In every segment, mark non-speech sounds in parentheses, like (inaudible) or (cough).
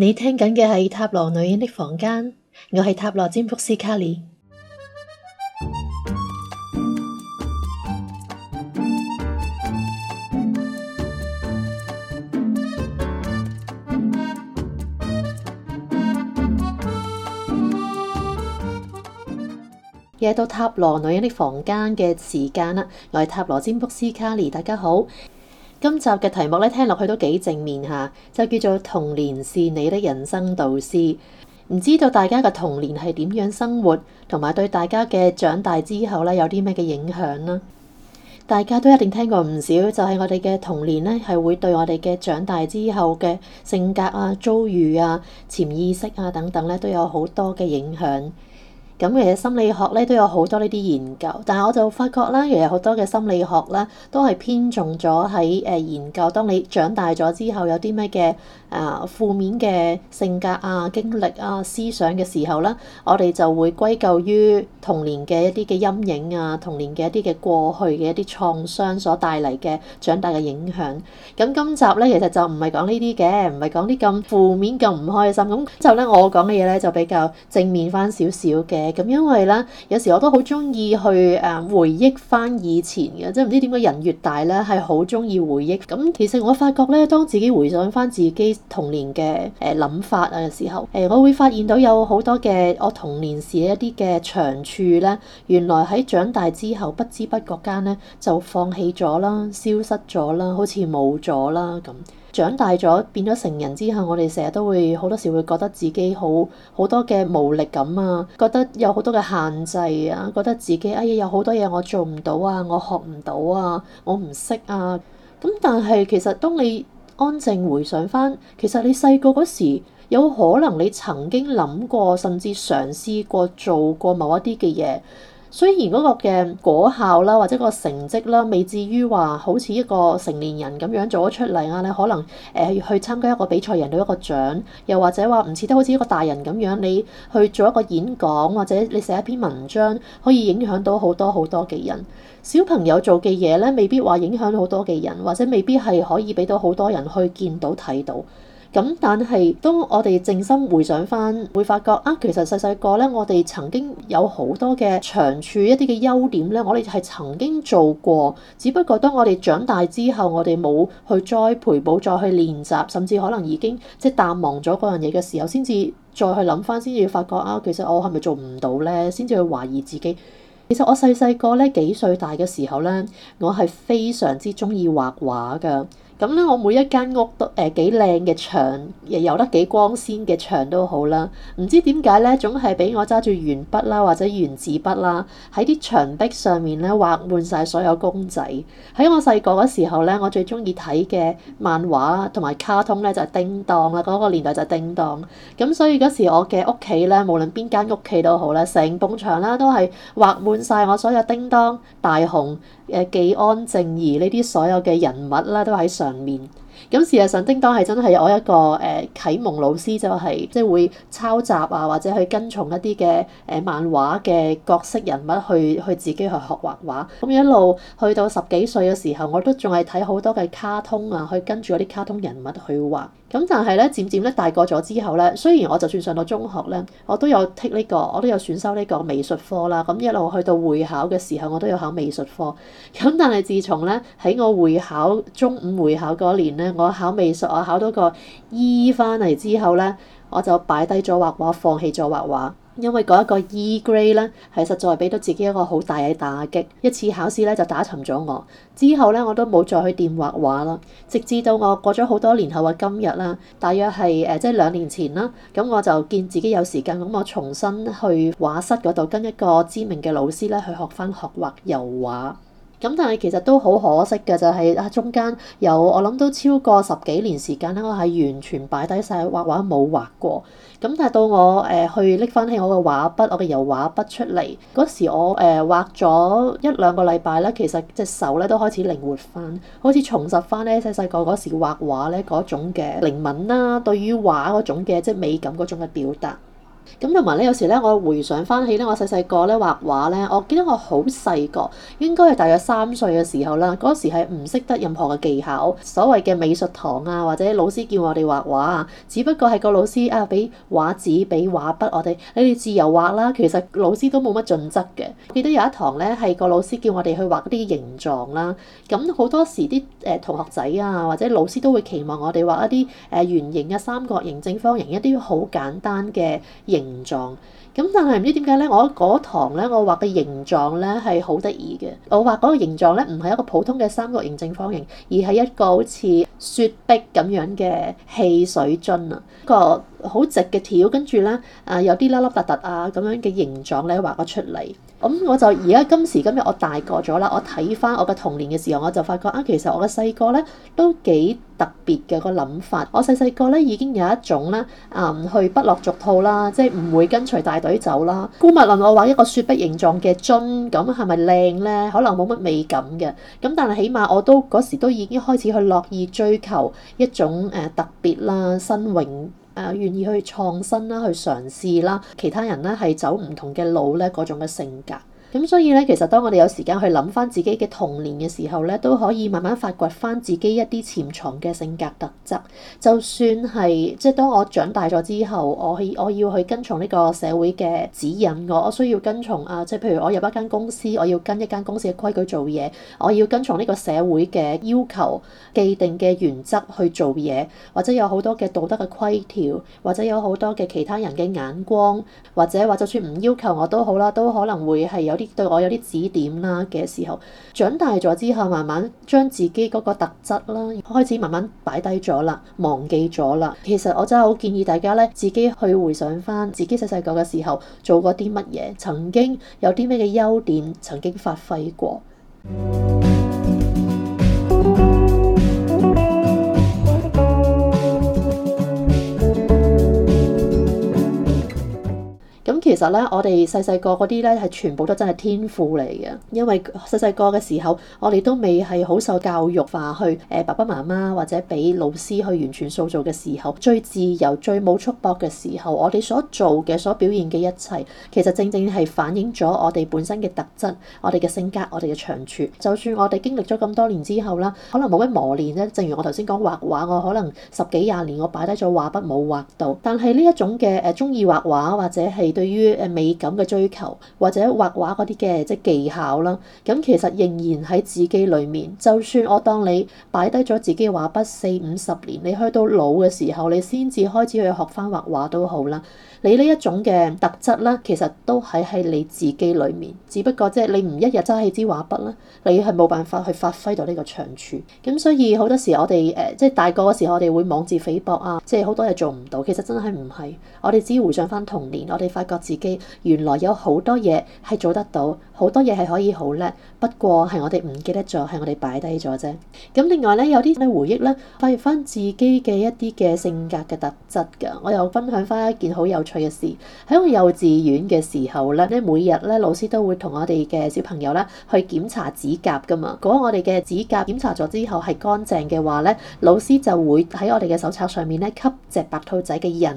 你聽緊嘅係塔羅女人的房間，我係塔羅占卜師卡莉。又到塔羅女人的房間嘅時間啦，我係塔羅占卜師卡莉，大家好。今集嘅題目呢，聽落去都幾正面下，就叫做童年是你的人生導師。唔知道大家嘅童年係點樣生活，同埋對大家嘅長大之後呢有啲咩嘅影響呢？大家都一定聽過唔少，就係我哋嘅童年呢係會對我哋嘅長大之後嘅性格啊、遭遇啊、潛意識啊等等呢都有好多嘅影響。咁其實心理學呢都有好多呢啲研究，但係我就發覺呢，其實好多嘅心理學呢都係偏重咗喺誒研究，當你長大咗之後有啲咩嘅啊負面嘅性格啊、經歷啊、思想嘅時候呢，我哋就會歸咎於童年嘅一啲嘅陰影啊、童年嘅一啲嘅過去嘅一啲創傷所帶嚟嘅長大嘅影響。咁今集呢，其實就唔係講呢啲嘅，唔係講啲咁負面、咁唔開心。咁之後呢，我講嘅嘢呢，就比較正面翻少少嘅。咁因為咧，有時我都好中意去誒回憶翻以前嘅，即係唔知點解人越大咧，係好中意回憶。咁其實我發覺咧，當自己回想翻自己童年嘅誒諗法啊嘅時候，誒我會發現到有好多嘅我童年時一啲嘅長處咧，原來喺長大之後不知不覺間咧就放棄咗啦，消失咗啦，好似冇咗啦咁。長大咗變咗成人之後，我哋成日都會好多時會覺得自己好好多嘅無力感啊，覺得有好多嘅限制啊，覺得自己哎呀有好多嘢我做唔到啊，我學唔到啊，我唔識啊。咁但係其實當你安靜回想返，其實你細個嗰時有可能你曾經諗過，甚至嘗試過做過某一啲嘅嘢。雖然嗰個嘅果效啦，或者個成績啦，未至於話好似一個成年人咁樣做咗出嚟啊！你可能誒去參加一個比賽，贏到一個獎，又或者話唔似得好似一個大人咁樣你去做一個演講，或者你寫一篇文章，可以影響到好多好多嘅人。小朋友做嘅嘢咧，未必話影響到好多嘅人，或者未必係可以俾到好多人去見到睇到。咁但係當我哋靜心回想翻，會發覺啊，其實細細個咧，我哋曾經有好多嘅長處、一啲嘅優點咧，我哋係曾經做過。只不過當我哋長大之後，我哋冇去栽培、再去練習，甚至可能已經即係淡忘咗嗰樣嘢嘅時候，先至再去諗翻，先至發覺啊，其實我係咪做唔到咧？先至去懷疑自己。其實我細細個咧，幾歲大嘅時候咧，我係非常之中意畫畫㗎。咁咧，我每一間屋都誒幾靚嘅牆，又有得幾光鮮嘅牆都好啦。唔知點解咧，總係俾我揸住鉛筆啦，或者原子筆啦，喺啲牆壁上面咧畫滿晒所有公仔。喺我細個嗰時候咧，我最中意睇嘅漫畫同埋卡通咧就係、是、叮當啦。嗰、那個年代就係叮當。咁所以嗰時我嘅屋企咧，無論邊間屋企都好咧，整埲牆啦都係畫滿晒我所有叮當、大雄。誒，技安、靜宜呢啲所有嘅人物啦，都喺上面。咁事實上，叮當係真係我一個誒啟蒙老師，就係即係會抄襲啊，或者去跟從一啲嘅誒漫畫嘅角色人物去去自己去學畫畫。咁一路去到十幾歲嘅時候，我都仲係睇好多嘅卡通啊，去跟住嗰啲卡通人物去畫。咁但係咧，漸漸咧大個咗之後咧，雖然我就算上到中學咧，我都有 take 呢個，我都有選修呢個美術科啦。咁一路去到會考嘅時候，我都有考美術科。咁但係自從咧喺我會考中五會考嗰年咧，我考美術啊，我考到個 E 翻嚟之後咧，我就擺低咗畫畫，放棄咗畫畫。因為嗰一個 e grade 咧，係實在俾到自己一個好大嘅打擊，一次考試呢，就打沉咗我。之後呢，我都冇再去掂畫畫咯，直至到我過咗好多年後嘅今日啦，大約係誒即係兩年前啦，咁我就見自己有時間，咁我重新去畫室嗰度跟一個知名嘅老師呢，去學翻學畫油畫。咁但係其實都好可惜嘅，就係、是、啊中間有我諗都超過十幾年時間咧，我係完全擺低晒畫畫冇畫過。咁但係到我誒、呃、去拎翻起我嘅畫筆，我嘅油畫筆出嚟嗰時我，我、呃、誒畫咗一兩個禮拜咧，其實隻手咧都開始靈活翻，好似重拾翻咧細細個嗰時畫畫咧嗰種嘅靈敏啦，對於畫嗰種嘅即係美感嗰種嘅表達。咁同埋咧，有時咧，我回想翻起咧，我細細個咧畫畫咧，我記得我好細個，應該係大約三歲嘅時候啦。嗰時係唔識得任何嘅技巧，所謂嘅美術堂啊，或者老師叫我哋畫畫啊，只不過係個老師啊，俾畫紙、俾畫筆我，我哋你哋自由畫啦。其實老師都冇乜盡責嘅。記得有一堂咧，係個老師叫我哋去畫啲形狀啦。咁好多時啲誒同學仔啊，或者老師都會期望我哋畫一啲誒圓形啊、三角形、正方形一啲好簡單嘅形狀。咁但係唔知點解呢，我嗰堂呢，我畫嘅形狀呢係好得意嘅。我畫嗰個形狀呢，唔係一個普通嘅三角形、正方形，而係一個好似雪碧咁樣嘅汽水樽啊，個好直嘅條，跟住呢，啊有啲粒粒凸凸啊咁樣嘅形狀呢畫咗出嚟。咁我就而家今時今日我大個咗啦，我睇翻我嘅童年嘅時候，我就發覺啊，其實我嘅細個呢都幾特別嘅，個諗法。我細細個呢已經有一種呢，啊、嗯、去不落俗套啦，即係唔會跟隨大水酒啦，姑勿論我話一個雪碧形狀嘅樽，咁係咪靚呢？可能冇乜美感嘅，咁但係起碼我都嗰時都已經開始去樂意追求一種誒特別啦、新穎誒，願意去創新啦、去嘗試啦，其他人呢，係走唔同嘅路呢，嗰種嘅性格。咁所以咧，其實當我哋有時間去諗翻自己嘅童年嘅時候咧，都可以慢慢發掘翻自己一啲潛藏嘅性格特質，就算係即係當我長大咗之後，我去我要去跟從呢個社會嘅指引我，我我需要跟從啊，即係譬如我入一間公司，我要跟一間公司嘅規矩做嘢，我要跟從呢個社會嘅要求既定嘅原則去做嘢，或者有好多嘅道德嘅規條，或者有好多嘅其他人嘅眼光，或者話就算唔要求我都好啦，都可能會係有。啲對我有啲指點啦嘅時候，長大咗之後，慢慢將自己嗰個特質啦，開始慢慢擺低咗啦，忘記咗啦。其實我真係好建議大家呢，自己去回想返自己細細個嘅時候做過啲乜嘢，曾經有啲咩嘅優點，曾經發揮過。其實咧，我哋細細個嗰啲咧係全部都真係天賦嚟嘅，因為細細個嘅時候，我哋都未係好受教育化去誒，爸爸媽媽或者俾老師去完全塑造嘅時候，最自由、最冇束縛嘅時候，我哋所做嘅、所表現嘅一切，其實正正係反映咗我哋本身嘅特質、我哋嘅性格、我哋嘅長處。就算我哋經歷咗咁多年之後啦，可能冇乜磨練咧。正如我頭先講畫畫，我可能十幾廿年我擺低咗畫筆冇畫到，但係呢一種嘅誒鍾意畫畫或者係對於於美感嘅追求，或者畫畫嗰啲嘅即技巧啦，咁其實仍然喺自己裏面。就算我當你擺低咗自己畫筆四五十年，你去到老嘅時候，你先至開始去學返畫畫都好啦。你呢一種嘅特質咧，其實都喺喺你自己裏面，只不過即係你唔一日揸起支畫筆咧，你係冇辦法去發揮到呢個長處。咁所以好多時我哋誒即係大個嘅時候，我哋會妄自菲薄啊，即係好多嘢做唔到。其實真係唔係，我哋只回想翻童年，我哋發覺自己原來有好多嘢係做得到，好多嘢係可以好叻。不過係我哋唔記得咗，係我哋擺低咗啫。咁另外呢，有啲嘅回憶呢，發現翻自己嘅一啲嘅性格嘅特質㗎。我又分享翻一件好有趣～趣嘅事，喺個幼稚園嘅時候咧，咧每日咧老師都會同我哋嘅小朋友咧去檢查指甲噶嘛。如果我哋嘅指甲檢查咗之後係乾淨嘅話咧，老師就會喺我哋嘅手冊上面咧吸隻白兔仔嘅印。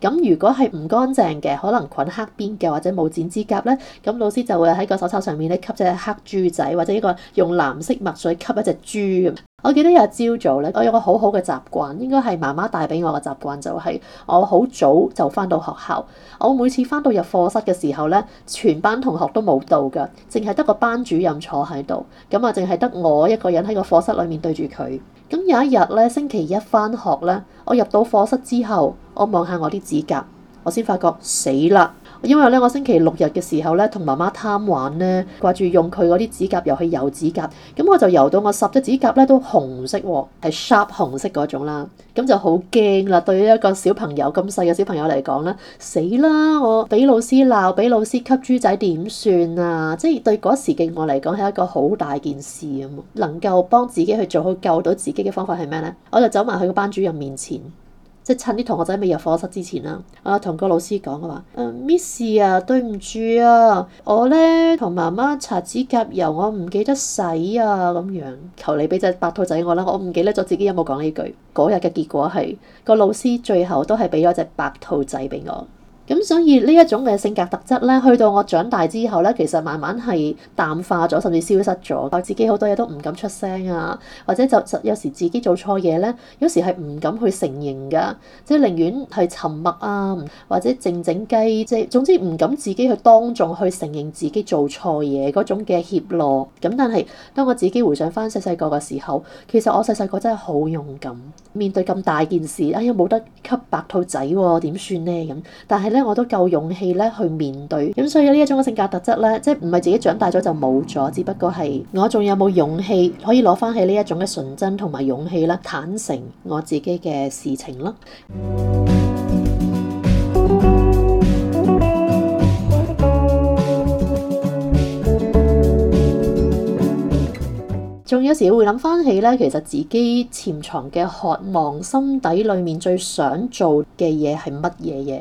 咁如果係唔乾淨嘅，可能菌黑邊嘅或者冇剪指甲呢，咁老師就會喺個手冊上面咧吸隻黑豬仔，或者一個用藍色墨水吸一隻豬。我記得有一朝早呢，我有個好好嘅習慣，應該係媽媽帶俾我嘅習慣，就是，就係我好早就翻到學校。我每次翻到入課室嘅時候呢，全班同學都冇到嘅，淨係得個班主任坐喺度。咁啊，淨係得我一個人喺個課室裏面對住佢。咁有一日呢，星期一翻學呢，我入到課室之後，我望下我啲指甲，我先發覺死啦！因為咧，我星期六日嘅時候咧，同媽媽貪玩咧，掛住用佢嗰啲指甲油去油指甲，咁我就油到我十隻指甲咧都紅色喎，係 sharp 紅色嗰種啦，咁就好驚啦！對於一個小朋友咁細嘅小朋友嚟講咧，死啦！我俾老師鬧，俾老師吸豬仔點算啊！即係對嗰時嘅我嚟講係一個好大件事咁。能夠幫自己去做好救到自己嘅方法係咩呢？我就走埋去個班主任面前。即係趁啲同學仔未入課室之前啦，我同個老師講、uh，啊話，誒 Miss 啊對唔住啊，我呢，同媽媽搽指甲油，我唔記得洗啊咁樣，求你俾隻白兔仔我啦，我唔記得咗自己有冇講呢句。嗰日嘅結果係，個老師最後都係俾咗隻白兔仔俾我。咁所以呢一種嘅性格特質咧，去到我長大之後咧，其實慢慢係淡化咗，甚至消失咗。我自己好多嘢都唔敢出聲啊，或者就，就有時自己做錯嘢咧，有時係唔敢去承認噶，即係寧願係沉默啊，或者靜靜雞，即係總之唔敢自己去當眾去承認自己做錯嘢嗰種嘅怯懦。咁但係當我自己回想翻細細個嘅時候，其實我細細個真係好勇敢，面對咁大件事，哎呀冇得吸白兔仔喎，點算咧咁。但係。我都夠勇氣咧去面對，咁所以呢一種嘅性格特質咧，即係唔係自己長大咗就冇咗，只不過係我仲有冇勇氣可以攞翻起呢一種嘅純真同埋勇氣啦，坦誠我自己嘅事情咯。仲 (music) 有時會諗翻起咧，其實自己潛藏嘅渴望，心底裡面最想做嘅嘢係乜嘢嘢？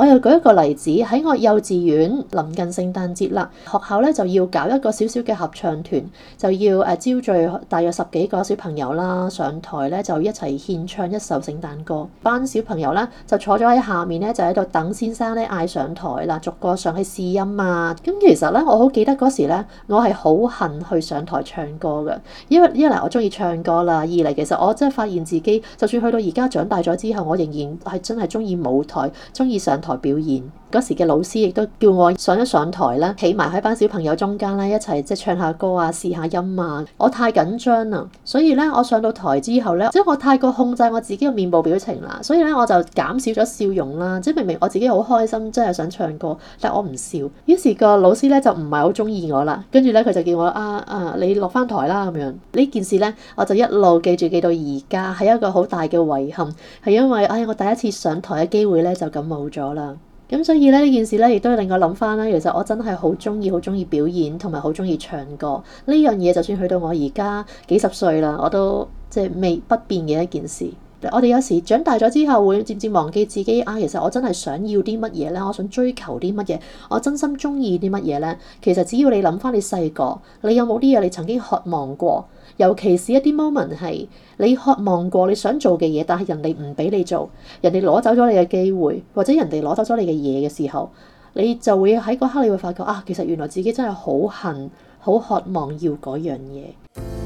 我又舉一個例子，喺我幼稚園臨近聖誕節啦，學校咧就要搞一個小小嘅合唱團，就要誒招聚大約十幾個小朋友啦上台咧就一齊獻唱一首聖誕歌。班小朋友咧就坐咗喺下面咧就喺度等先生咧嗌上台啦，逐個上去試音啊。咁其實咧我好記得嗰時咧，我係好恨去上台唱歌嘅，因為一嚟我中意唱歌啦，二嚟其實我真係發現自己，就算去到而家長大咗之後，我仍然係真係中意舞台，中意上台。台表演。嗰時嘅老師亦都叫我上一上台啦，企埋喺班小朋友中間啦，一齊即係唱下歌啊，試下音啊。我太緊張啦，所以咧我上到台之後咧，即係我太過控制我自己嘅面部表情啦，所以咧我就減少咗笑容啦。即係明明我自己好開心，真係想唱歌，但係我唔笑。於是個老師咧就唔係好鍾意我啦，跟住咧佢就叫我啊啊，你落返台啦。咁樣呢件事咧，我就一路記住記到而家，係一個好大嘅遺憾，係因為唉、哎，我第一次上台嘅機會咧就咁冇咗啦。咁所以呢件事呢，亦都令我諗翻啦。其實我真係好中意、好中意表演同埋好中意唱歌呢樣嘢。就算去到我而家幾十歲啦，我都即係未不變嘅一件事。我哋有時長大咗之後會漸漸忘記自己啊，其實我真係想要啲乜嘢呢？我想追求啲乜嘢？我真心中意啲乜嘢呢？其實只要你諗翻你細個，你有冇啲嘢你曾經渴望過？尤其是一啲 moment 係你渴望過你想做嘅嘢，但係人哋唔俾你做，人哋攞走咗你嘅機會，或者人哋攞走咗你嘅嘢嘅時候，你就會喺嗰刻你會發覺啊，其實原來自己真係好恨，好渴望要嗰樣嘢。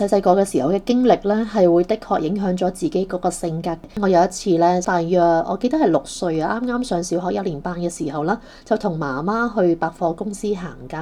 細細個嘅時候嘅經歷呢，係會的確影響咗自己嗰個性格。我有一次呢，大約我記得係六歲啊，啱啱上小學一年班嘅時候啦，就同媽媽去百貨公司行街。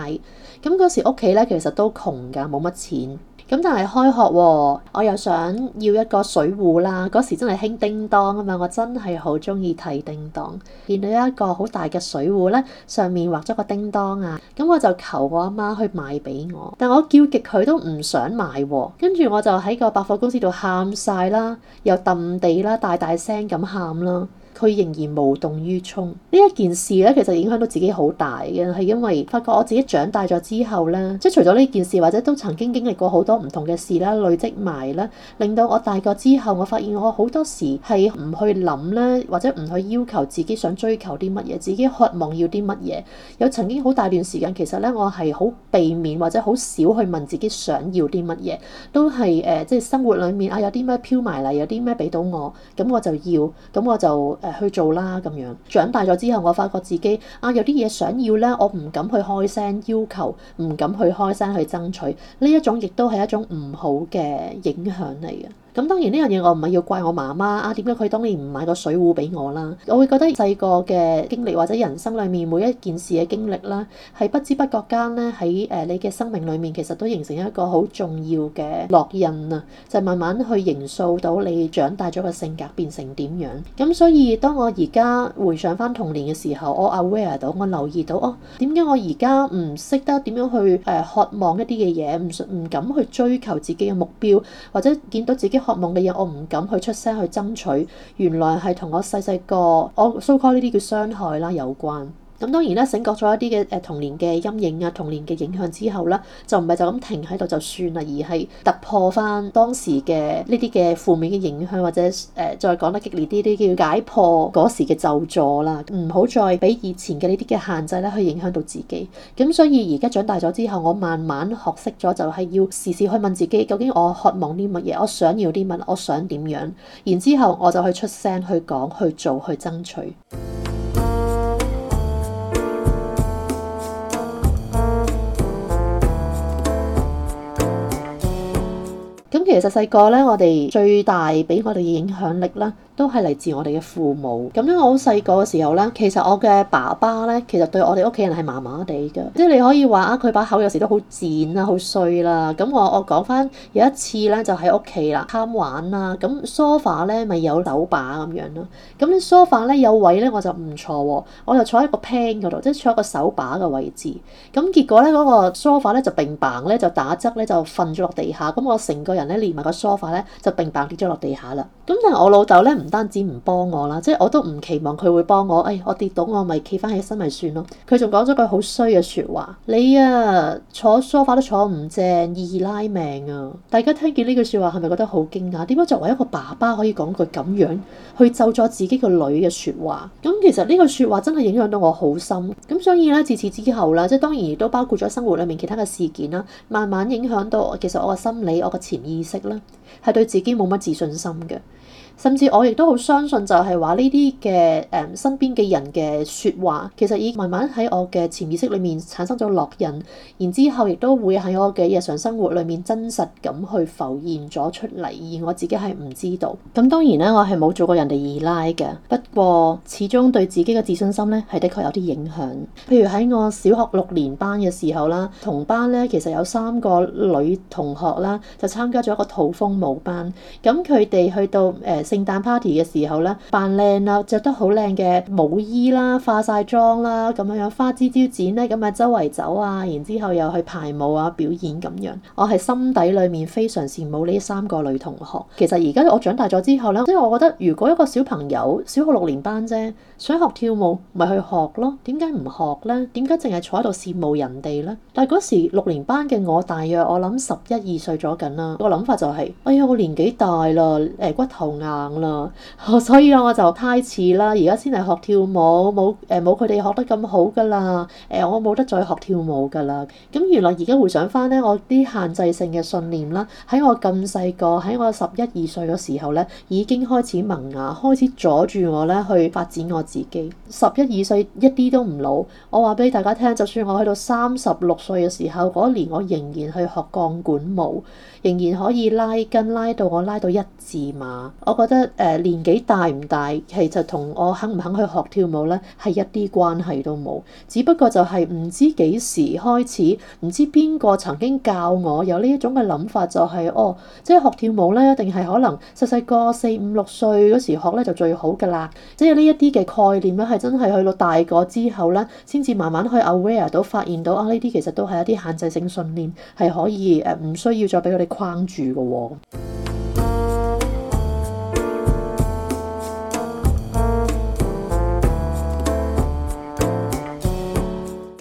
咁嗰時屋企呢，其實都窮噶，冇乜錢。咁但係開學喎，我又想要一個水壺啦。嗰時真係興叮當啊嘛，我真係好鍾意睇叮當。見到一個好大嘅水壺咧，上面畫咗個叮當啊，咁我就求我阿媽去買俾我。但我叫極佢都唔想買喎，跟住我就喺個百貨公司度喊曬啦，又揼地啦，大大聲咁喊啦。佢仍然無動於衷呢一件事咧，其實影響到自己好大嘅，係因為發覺我自己長大咗之後咧，即係除咗呢件事，或者都曾經經歷過好多唔同嘅事啦，累積埋啦，令到我大個之後，我發現我好多時係唔去諗咧，或者唔去要求自己想追求啲乜嘢，自己渴望要啲乜嘢。有曾經好大段時間，其實咧我係好避免或者好少去問自己想要啲乜嘢，都係誒，即係生活裡面啊，有啲咩飄埋嚟，有啲咩俾到我，咁我就要，咁我就。去做啦咁樣，長大咗之後，我發覺自己啊有啲嘢想要呢。我唔敢去開聲要求，唔敢去開聲去爭取，呢一種亦都係一種唔好嘅影響嚟嘅。咁當然呢樣嘢我唔係要怪我媽媽啊，點解佢當年唔買個水壺俾我啦？我會覺得細個嘅經歷或者人生裡面每一件事嘅經歷啦，係不知不覺間呢，喺誒你嘅生命裡面，其實都形成一個好重要嘅烙印啊！就是、慢慢去營造到你長大咗嘅性格變成點樣。咁所以當我而家回想翻童年嘅時候，我 aware 到我留意到哦，點解我而家唔識得點樣去誒渴望一啲嘅嘢，唔唔敢去追求自己嘅目標，或者見到自己。渴望嘅嘢，我唔敢去出聲去爭取。原來係同我細細個我 so called 呢啲叫傷害啦有關。咁當然啦，醒覺咗一啲嘅誒童年嘅陰影啊，童年嘅影響之後呢，就唔係就咁停喺度就算啦，而係突破返當時嘅呢啲嘅負面嘅影響，或者誒、呃、再講得激烈啲啲，叫解破嗰時嘅咒詛啦，唔好再俾以前嘅呢啲嘅限制咧去影響到自己。咁所以而家長大咗之後，我慢慢學識咗就係要時時去問自己，究竟我渴望啲乜嘢，我想要啲乜，我想點樣，然之後我就去出聲去講去做去爭取。其實細個咧，我哋最大俾我哋嘅影響力咧，都係嚟自我哋嘅父母。咁樣我好細個嘅時候咧，其實我嘅爸爸咧，其實對我哋屋企人係麻麻地嘅。即係你可以話啊，佢把口有時都好賤啦，好衰啦。咁我我講翻有一次咧，就喺屋企啦，貪玩啦。咁梳化咧，咪有手把咁樣咯。咁咧梳化咧有位咧，我就唔坐喎，我就坐喺個 pan 嗰度，即係坐喺個手把嘅位置。咁結果咧，嗰個梳化咧就並 bang 咧就打側咧就瞓咗落地下。咁我成個人咧～連埋個梳化咧，就並排跌咗落地下啦。咁但係我老豆咧，唔單止唔幫我啦，即係我都唔期望佢會幫我。誒、哎，我跌倒，我咪企翻起身咪算咯。佢仲講咗句好衰嘅說話：你啊坐梳化都坐唔正，二奶命啊！大家聽見呢句說話，係咪覺得好驚訝？點解作為一個爸爸可以講句咁樣去咒咗自己個女嘅說話？咁其實呢句說話真係影響到我好深。咁所以咧，自此之後啦，即係當然亦都包括咗生活裏面其他嘅事件啦，慢慢影響到。其實我嘅心理，我嘅潛意識。食啦，係對自己冇乜自信心嘅。甚至我亦都好相信，就係話呢啲嘅，誒身邊嘅人嘅說話，其實已慢慢喺我嘅潛意識裏面產生咗烙印，然之後亦都會喺我嘅日常生活裏面真實咁去浮現咗出嚟，而我自己係唔知道。咁當然咧，我係冇做過人哋二奶嘅，不過始終對自己嘅自信心咧，係的確有啲影響。譬如喺我小學六年班嘅時候啦，同班咧，其實有三個女同學啦，就參加咗一個土風舞班，咁佢哋去到誒。呃聖誕 party 嘅時候呢，扮靚啦，着得好靚嘅舞衣啦，化晒妝啦，咁樣樣花枝招展呢，咁啊周圍走啊，然之後又去排舞啊、表演咁樣，我係心底裡面非常羨慕呢三個女同學。其實而家我長大咗之後呢，即係我覺得如果一個小朋友小學六年班啫，想學跳舞咪去學咯，點解唔學呢？點解淨係坐喺度羨慕人哋呢？但係嗰時六年班嘅我，大約我諗十一二歲左右啦，那個諗法就係、是，哎呀我年紀大啦，誒骨頭硬，啦，所以我就太遲啦，而家先係學跳舞，冇誒冇佢哋學得咁好噶啦，誒我冇得再學跳舞噶啦。咁原來而家回想翻呢，我啲限制性嘅信念啦，喺我咁細個，喺我十一二歲嘅時候呢，已經開始萌芽，開始阻住我呢去發展我自己。十一二歲一啲都唔老，我話俾大家聽，就算我去到三十六歲嘅時候，嗰年，我仍然去學鋼管舞。仍然可以拉筋，拉到我拉到一字馬。我覺得誒、呃、年紀大唔大，其實同我肯唔肯去學跳舞咧，係一啲關係都冇。只不過就係唔知幾時開始，唔知邊個曾經教我有呢一種嘅諗法，就係，就係哦，即係學跳舞咧，一定係可能細細個四五六歲嗰時學咧就最好㗎啦。即係呢一啲嘅概念咧，係真係去到大個之後咧，先至慢慢去 aware 到，發現到啊，呢、哦、啲其實都係一啲限制性信念，係可以誒，唔、呃、需要再俾佢哋框住嘅喎，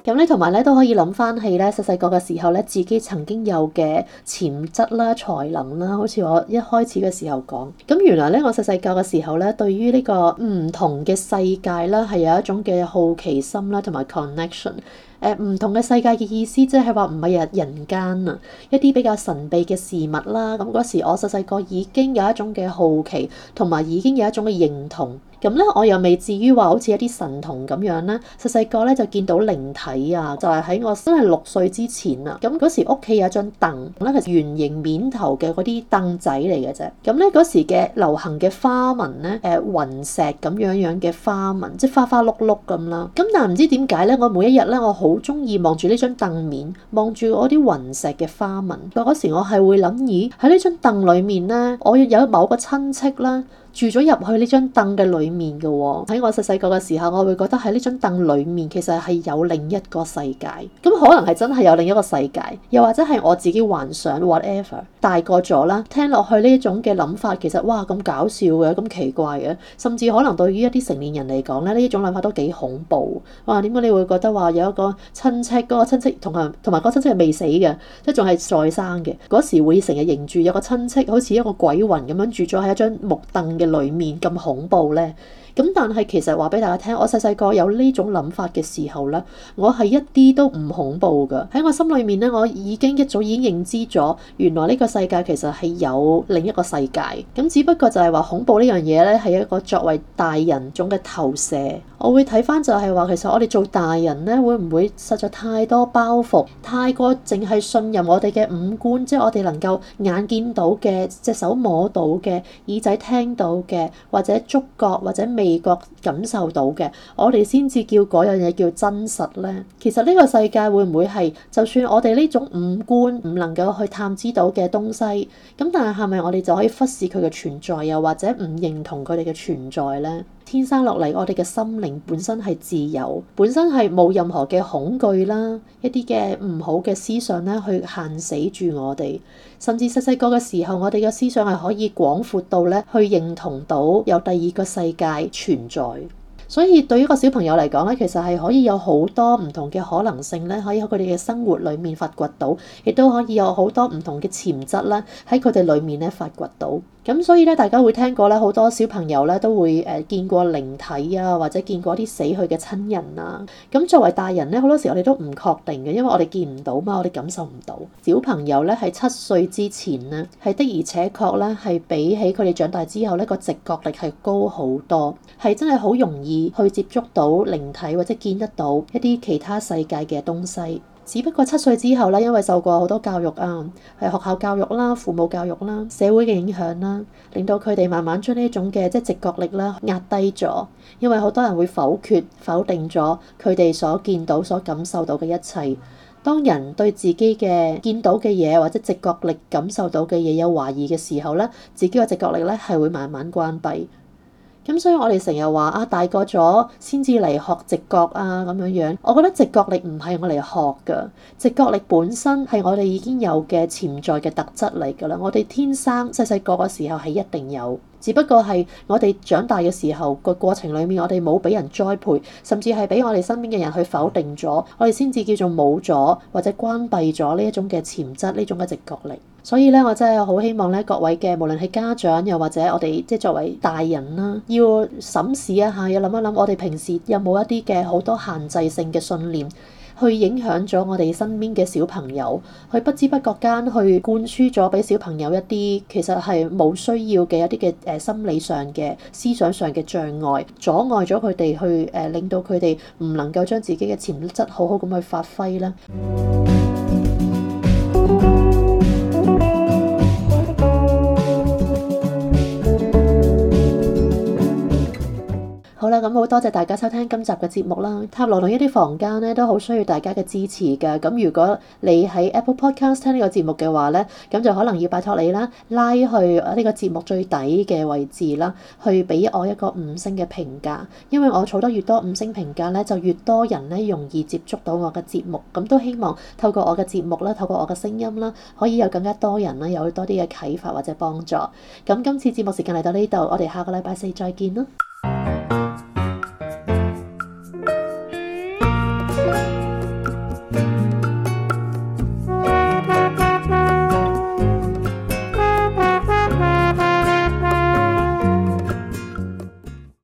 咁咧同埋咧都可以諗翻起咧細細個嘅時候咧，自己曾經有嘅潛質啦、才能啦，好似我一開始嘅時候講，咁原來咧我細細個嘅時候咧，對於呢個唔同嘅世界啦，係有一種嘅好奇心啦，同埋 connection。誒唔同嘅世界嘅意思，即係話唔係人人間啊，一啲比較神秘嘅事物啦。咁嗰時我細細個已經有一種嘅好奇，同埋已經有一種嘅認同。咁咧，我又未至於話好似一啲神童咁樣啦。細細個咧就見到靈體啊，就係喺我真係六歲之前啊。咁嗰時屋企有一張凳咧，係圓形面頭嘅嗰啲凳仔嚟嘅啫。咁咧嗰時嘅流行嘅花紋咧，誒雲石咁樣樣嘅花紋，即係花花碌碌咁啦。咁但係唔知點解咧，我每一日咧，我好中意望住呢張凳面，望住我啲雲石嘅花紋。嗰時我係會諗，咦，喺呢張凳裏面咧，我有某個親戚啦。住咗入去呢張凳嘅裏面嘅喎，哦，喺我細細個嘅時候，我會覺得喺呢張凳裏面其實係有另一個世界，咁可能係真係有另一個世界，又或者係我自己幻想 whatever。大個咗啦，聽落去呢一種嘅諗法其實哇，咁搞笑嘅，咁奇怪嘅，甚至可能對於一啲成年人嚟講呢，呢一種諗法都幾恐怖。哇，點解你會覺得話有一個親戚嗰、嗰個親戚同同埋嗰個親戚係未死嘅，即仲係在生嘅，嗰時會成日認住有個親戚好似一個鬼魂咁樣住咗喺一張木凳嘅裏面咁恐怖咧？咁但係其實話俾大家聽，我細細個有呢種諗法嘅時候呢我係一啲都唔恐怖㗎。喺我心裏面呢我已經一早已經認知咗，原來呢個世界其實係有另一個世界。咁只不過就係話恐怖呢樣嘢呢係一個作為大人種嘅投射。我會睇翻就係話，其實我哋做大人咧，會唔會實在太多包袱，太過淨係信任我哋嘅五官，即係我哋能夠眼見到嘅、隻手摸到嘅、耳仔聽到嘅，或者觸覺或者味味覺感受到嘅，我哋先至叫嗰樣嘢叫真實呢。其實呢個世界會唔會係就算我哋呢種五官唔能夠去探知到嘅東西，咁但係係咪我哋就可以忽視佢嘅存在又，又或者唔認同佢哋嘅存在呢？天生落嚟，我哋嘅心靈本身係自由，本身係冇任何嘅恐懼啦，一啲嘅唔好嘅思想咧，去限死住我哋。甚至細細個嘅時候，我哋嘅思想係可以廣闊到咧，去認同到有第二個世界存在。所以對於一個小朋友嚟講咧，其實係可以有好多唔同嘅可能性咧，可以喺佢哋嘅生活裡面發掘到，亦都可以有好多唔同嘅潛質啦，喺佢哋裡面咧發掘到。咁所以咧，大家會聽過咧，好多小朋友咧都會誒見過靈體啊，或者見過啲死去嘅親人啊。咁作為大人咧，好多時候我哋都唔確定嘅，因為我哋見唔到嘛，我哋感受唔到。小朋友咧喺七歲之前呢，係的而且確咧係比起佢哋長大之後咧個直覺力係高好多，係真係好容易。去接觸到靈體或者見得到一啲其他世界嘅東西，只不過七歲之後呢，因為受過好多教育啊，係學校教育啦、父母教育啦、社會嘅影響啦，令到佢哋慢慢將呢種嘅即係直覺力啦壓低咗。因為好多人會否決、否定咗佢哋所見到、所感受到嘅一切。當人對自己嘅見到嘅嘢或者直覺力感受到嘅嘢有懷疑嘅時候呢，自己嘅直覺力呢係會慢慢關閉。咁、嗯、所以我哋成日話啊，大個咗先至嚟學直覺啊咁樣樣。我覺得直覺力唔係我嚟學嘅，直覺力本身係我哋已經有嘅潛在嘅特質嚟㗎啦。我哋天生細細個嘅時候係一定有。只不過係我哋長大嘅時候個過程裡面，我哋冇俾人栽培，甚至係俾我哋身邊嘅人去否定咗，我哋先至叫做冇咗或者關閉咗呢一種嘅潛質，呢種嘅直覺力。所以咧，我真係好希望咧，各位嘅無論係家長又或者我哋即係作為大人啦，要審視一下，要諗一諗，我哋平時有冇一啲嘅好多限制性嘅信念，去影響咗我哋身邊嘅小朋友，去不知不覺間去灌輸咗俾小朋友一啲其實係冇需要嘅一啲嘅誒心理上，嘅思想上嘅障礙，阻礙咗佢哋去誒、呃、令到佢哋唔能夠將自己嘅潛質好好咁去發揮啦。好啦，咁好多謝大家收聽今集嘅節目啦。塔羅同一啲房間呢，都好需要大家嘅支持㗎。咁如果你喺 Apple Podcast 聽呢個節目嘅話呢，咁就可能要拜託你啦，拉去呢個節目最底嘅位置啦，去俾我一個五星嘅評價。因為我儲得越多五星評價呢，就越多人呢容易接觸到我嘅節目。咁都希望透過我嘅節目啦，透過我嘅聲音啦，可以有更加多人呢，有多啲嘅啟發或者幫助。咁今次節目時間嚟到呢度，我哋下個禮拜四再見啦。